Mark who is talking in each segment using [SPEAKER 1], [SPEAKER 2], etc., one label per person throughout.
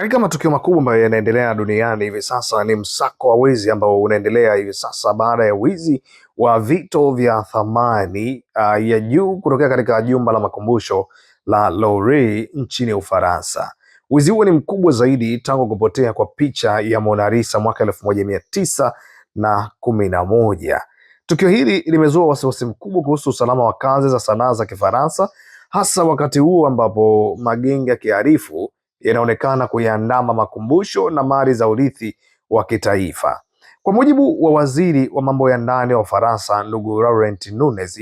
[SPEAKER 1] Katika matukio makubwa ambayo yanaendelea duniani hivi sasa ni msako wa wizi ambao unaendelea hivi sasa baada ya wizi wa vito vya thamani uh, ya juu kutokea katika jumba la makumbusho la Louvre nchini Ufaransa. Wizi huo ni mkubwa zaidi tangu kupotea kwa picha ya Mona Lisa mwaka elfu moja mia tisa na kumi na moja. Tukio hili limezua wasiwasi mkubwa kuhusu usalama wa kazi za sanaa za Kifaransa, hasa wakati huu ambapo magenge ya kiharifu yanaonekana kuyaandama makumbusho na mali za urithi wa kitaifa. Kwa mujibu wa waziri wa mambo ya ndani wa Ufaransa, ndugu Laurent Nunez,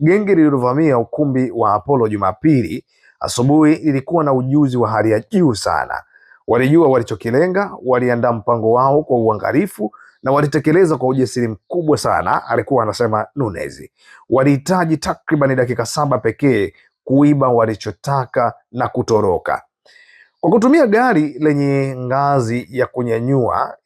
[SPEAKER 1] genge lililovamia ukumbi wa Apollo Jumapili asubuhi lilikuwa na ujuzi wa hali ya juu sana. Walijua walichokilenga, waliandaa mpango wao kwa uangalifu na walitekeleza kwa ujasiri mkubwa sana, alikuwa anasema Nunez. Walihitaji takribani dakika saba pekee kuiba walichotaka na kutoroka. Kwa kutumia gari lenye ngazi ya kunyanyua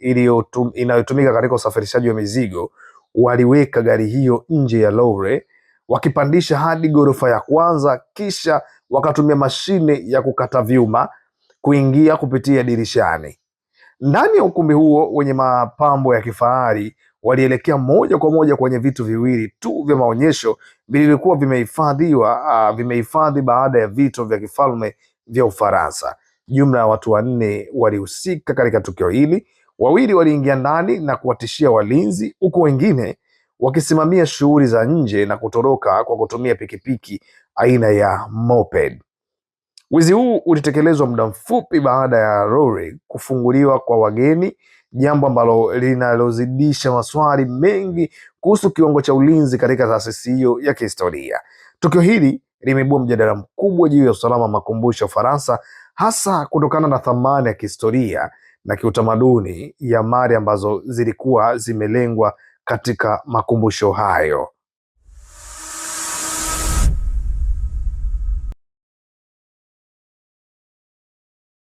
[SPEAKER 1] inayotumika katika usafirishaji wa mizigo, waliweka gari hiyo nje ya lori wakipandisha hadi ghorofa ya kwanza, kisha wakatumia mashine ya kukata vyuma kuingia kupitia dirishani. Ndani ya ukumbi huo wenye mapambo ya kifahari, walielekea moja kwa moja kwenye vitu viwili tu vya maonyesho vilivyokuwa vimehifadhiwa, uh, vimehifadhi baada ya vito vya kifalme vya Ufaransa. Jumla ya watu wanne walihusika katika tukio hili. Wawili waliingia ndani na kuwatishia walinzi, huku wengine wakisimamia shughuli za nje na kutoroka kwa kutumia pikipiki aina ya moped. Wizi huu ulitekelezwa muda mfupi baada ya lori kufunguliwa kwa wageni, jambo ambalo linalozidisha maswali mengi kuhusu kiwango cha ulinzi katika taasisi hiyo ya kihistoria. Tukio hili limeibua mjadala mkubwa juu ya usalama wa makumbusho ya Ufaransa hasa kutokana na thamani ya kihistoria na kiutamaduni ya mali ambazo zilikuwa zimelengwa katika makumbusho hayo.